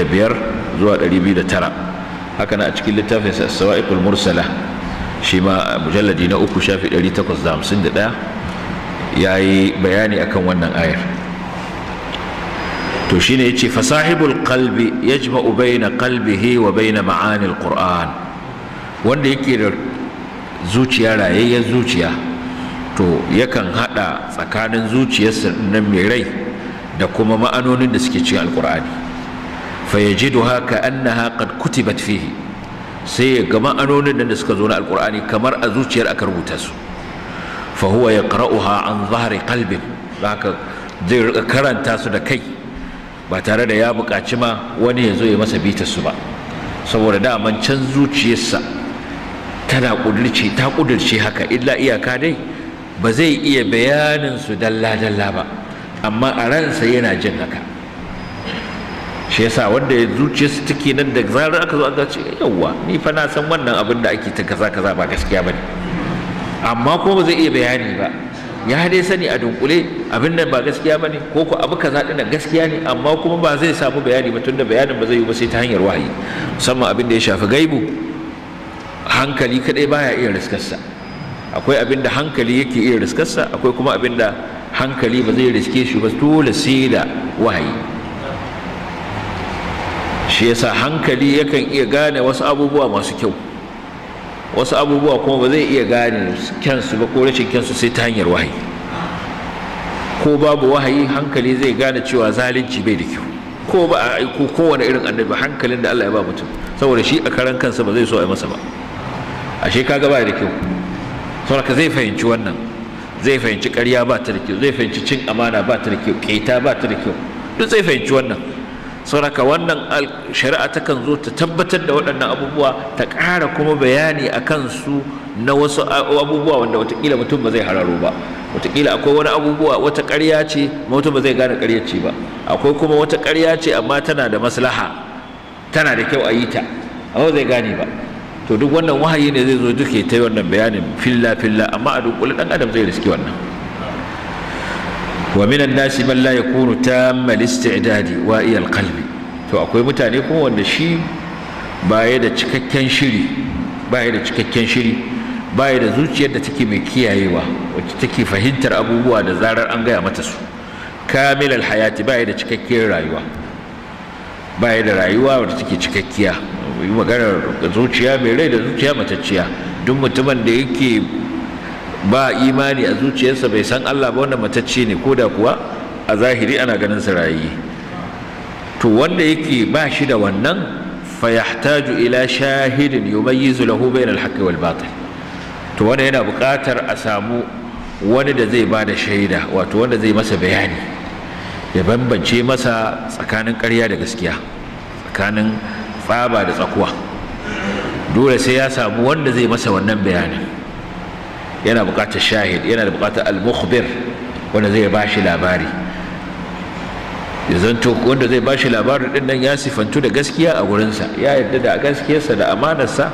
zuwa 209 haka nan a cikin littafin sa sawaiqul mursala shi ma mujalladi na uku shafi 851 ya yi bayani akan wannan ayar to shi ne ya ce fasahibul kalbi ya ji ma'ubai na kalbihi wa bai na ma'anil ƙura'an wanda yake da zuciya rayayyar zuciya to yakan haɗa tsakanin zuciyarsa na mai rai da kuma ma'anonin da suke cikin alƙura'ani fa yajiduha ka annaha haƙar kutibat fihi sai kamar anonin nan da suka zo na alkur'ani kamar a zuciyar aka rubuta su fa huwa yaqra'uha an zahri qalbin haka zai rika karanta su da kai ba tare da ya buƙaci ma wani ya zo ya masa bitar su ba saboda daman can zuciyarsa tana kudirce ta kudirce haka illa iyaka dai ba zai iya bayanin su dalla dalla ba amma a ransa yana jin haka shi yasa wanda ya su take nan da zarar aka zo aka ce yawwa ni fa na san wannan abin da ake ta kaza kaza ba gaskiya bane amma ko ba zai iya bayani ba ya dai sani a dunkule abin nan ba gaskiya bane ko ko abu kaza din gaskiya ne amma kuma ba zai samu bayani ba tunda bayanin ba zai yi ba sai ta hanyar wahayi musamman abin da ya shafi gaibu hankali kadai baya iya riskarsa akwai abin da hankali yake iya riskarsa akwai kuma abin da hankali ba zai riske shi ba dole sai da wahayi shi yasa hankali yakan iya gane wasu abubuwa masu kyau wasu abubuwa kuma ba zai iya gane kyansu ba ko rashin kyansu sai ta hanyar wahayi ko babu wahayi hankali zai gane cewa zalunci bai da kyau ko ba a aiko kowane irin annabi hankalin da Allah ya ba mutum saboda shi a karan kansa ba zai so a yi masa ba ashe kaga ba da kyau saboda ka zai fahimci wannan zai fahimci ƙarya ba ta da kyau zai fahimci cin amana ba ta da kyau ƙeta ba ta da kyau duk zai fahimci wannan sauraka wannan shari'a takan zo ta tabbatar da waɗannan abubuwa ta ƙara kuma bayani a kansu na wasu abubuwa wanda watakila mutum ba zai hararo ba watakila akwai wani abubuwa wata ƙarya ce mutum ba zai gane ƙarya ce ba akwai kuma wata ƙarya ce amma tana da maslaha tana da kyau a yi ta amma zai gane ba to duk wannan wahayi ne zai zo duke ta yi wannan bayanin filla filla amma a dunkule ɗan adam zai riski wannan wa minan nasi man la yakunu tammal istidadi wa iyal qalbi to akwai mutane kuma wanda shi baya da cikakken shiri baya da cikakken shiri baya da zuciyar da take mai kiyayewa wacce take fahimtar abubuwa da zarar an gaya mata su kamilal hayati baya da cikakken rayuwa baya da rayuwa wacce take cikakkiya yi maganar zuciya mai rai da zuciya matacciya duk mutumin da yake ba imani a zuciyarsa bai san Allah ba wanda matacce ne ko da kuwa a zahiri ana ganin sa rayi to wanda yake ba shi da wannan fa yahtaju ila shahidin yumayyizu lahu bainal haqqi wal batil to wanda yana buƙatar a samu wani da zai bada shaida wato wanda zai masa bayani ya bambance masa tsakanin ƙarya da gaskiya tsakanin tsaba da tsakuwa dole sai ya samu wanda zai masa wannan bayanin yana buƙatar shahid yana da buƙatar al-mukhbir wanda zai ba shi labari zanto wanda zai ba shi labarin din nan ya sifantu da gaskiya a gurinsa ya yarda da gaskiyarsa da amanarsa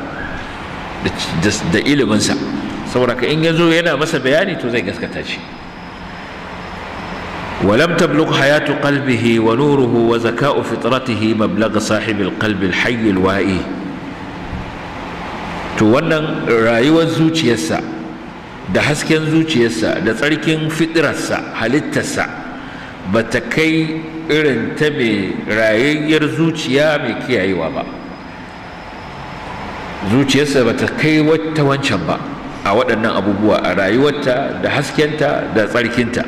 da iliminsa saboda ka in ya zo yana masa bayani to zai gaskata shi ولم تبلغ حياة قلبه ونوره وزكاء فطرته مبلغ صاحب القلب الحي الوائي to wannan rayuwar zuciyarsa da hasken zuciyarsa da tsarkin fitirarsa halittarsa ba ta kai irin ta mai rayayyar zuciya mai kiyayewa ba zuciyarsa ba ta kai wata wancan ba a waɗannan abubuwa a rayuwarta da haskenta da tsarkinta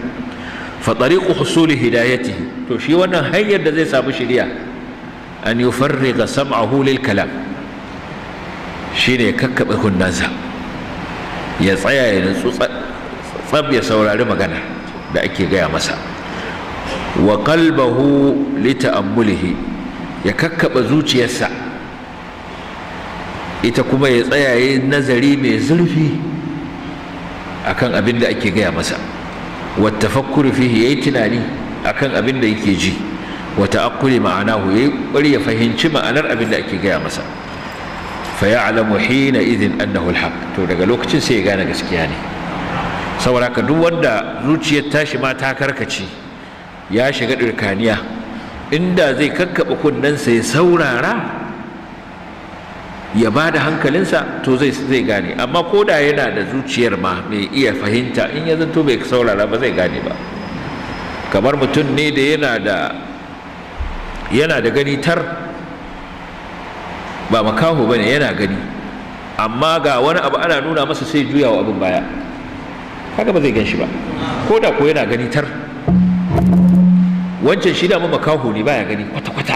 fatsariƙu husuli hidayatihi to shi wannan hanyar da zai samu shirya an yi farriga sam'ahu lil kalam shine kakkaɓe kunnansa ya tsaya ya nutsu tsab ya saurari magana da ake gaya masa wa kalbahu li ta'ammulihi ya kakkaba zuciyarsa ita kuma ya tsaya ya nazari mai zurfi akan abin da ake gaya masa wa tafakkuri fihi yayi tunani akan abin da yake ji wa ta'aqquli ma'anahu yayi ƙwari ya fahimci ma'anar abin da ake gaya masa fa ya'lamu hina idhin annahu alhaq to daga lokacin sai ya gane gaskiya ne saboda ka duk wanda zuciyar tashi ma ta karkaci ya shiga dirkaniya inda zai kakkaba kunnensa ya saurara ya ba da hankalinsa to zai zai gane amma ko da yana da zuciyar ma mai iya fahimta in ya zanto bai saurara ba zai gane ba kamar mutum ne da yana da yana da gani tar ba makaho bane yana gani amma ga wani abu ana nuna masa sai juyawa abin baya kaga ba zai gan shi ba ko da ko yana gani tar wancan shi da mu makaho ne baya gani kwata kwata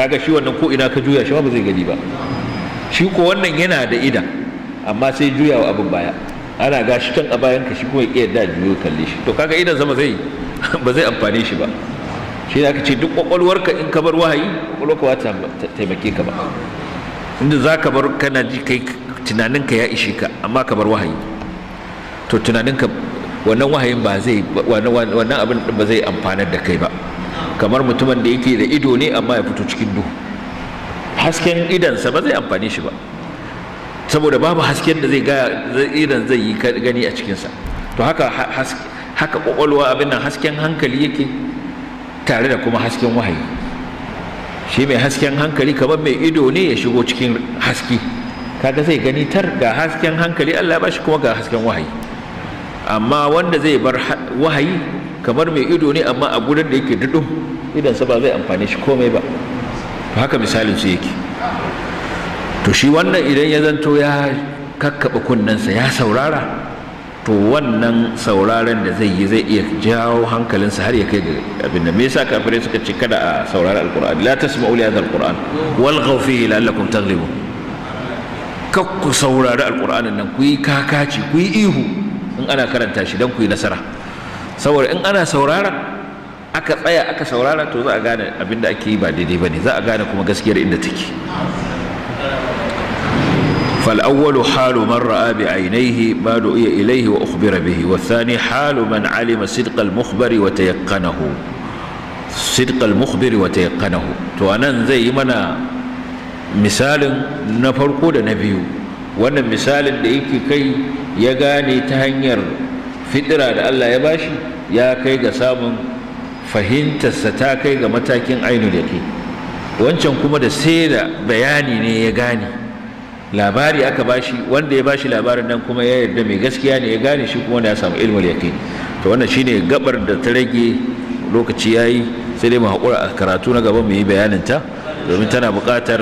kaga shi wannan ko ina ka juya shi ba zai gani ba shi ko wannan yana da ida amma sai juyawa abin baya ana gashi can a bayan ka shi kuma ya da juyo kalle shi to kaga idan zama zai (laughs) ba zai amfane shi ba shi ne aka ce duk kwakwalwarka in ka bar wahayi kwakwalwarka ba ta taimake ka ba inda za ka bar kana ji kai tunaninka ya ishe ka amma ka bar wahayi to tunaninka wannan wahayin ba zai wannan abin ba zai amfanar da kai ba kamar mutumin da yake da ido ne amma ya fito cikin duhu hasken idansa ba zai amfane shi ba saboda babu hasken da zai gaya idan zai yi gani a cikinsa to haka haka kwakwalwa abin nan hasken hankali yake tare da kuma hasken wahayi shi mai hasken hankali kamar mai ido ne ya shigo cikin haske kaga zai gani tar ga hasken hankali Allah ba shi kuma ga hasken wahayi amma wanda zai bar wahayi kamar mai ido ne amma a gurin da yake dudu idan sa ba zai amfane shi komai ba To haka misalin su yake to shi wannan idan ya zanto ya kakkaba kunnensa ya saurara to wannan sauraren da zai yi zai iya jawo hankalinsa har ya kai ga abin da me yasa kafirai suka ce kada a saurari alqur'ani la tasma'u li hadha alqur'an wal fihi la'allakum taghlibun ku saurari alqur'anin nan ku yi kakaci ku yi ihu in ana karanta shi dan ku yi nasara saboda in ana saurara aka tsaya aka saurara to za a gane abin da ake yi ba daidai bane za a gane kuma gaskiyar inda take فالأول حال من رأى بعينيه ما دعي إليه وأخبر به والثاني حال من علم صدق المخبر وتيقنه صدق المخبر وتيقنه تو أنا زي منا مثال نفرقو نبيو وأنا مثال لإيكي كي يغاني تهنير fitira da Allah ya bashi ya kai ga samun fahimtarsa ta kai ga matakin ainihin yake wancan kuma da sai da bayani ne ya gane labari aka bashi wanda ya bashi labarin nan kuma ya yarda mai gaskiya ne ya gane shi kuma da ya samu ilmul yaqin to wannan shine gabar da ta rage lokaci yayi sai dai mu hakura a karatu na gaba mu yi bayanin ta domin tana buƙatar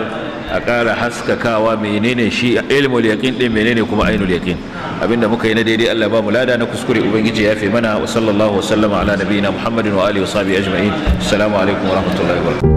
a ƙara haskakawa menene shi ilmul yaqin din menene kuma ainul yaqin abinda muka yi na daidai Allah ba mu lada na kuskure ubangiji ya fi mana wa sallallahu wa sallama ala nabiyina Muhammadin wa alihi wa sahbihi ajma'in assalamu alaikum wa rahmatullahi wa barakatuh